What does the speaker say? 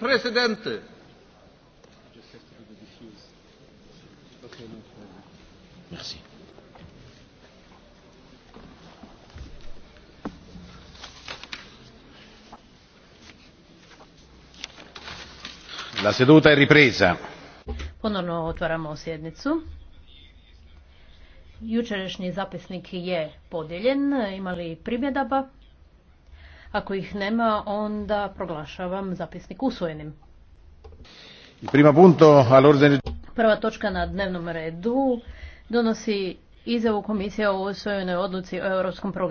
presidente. Merci. La seduta è ripresa. Ponovno otvaramo sjednicu. Jučerašnji zapisnik je podijeljen. Imali primjedaba? Ako ih nema, onda proglašavam zapisnik usvojenim. Prva točka na dnevnom redu donosi izjavu komisije o usvojenoj odluci o europskom programu.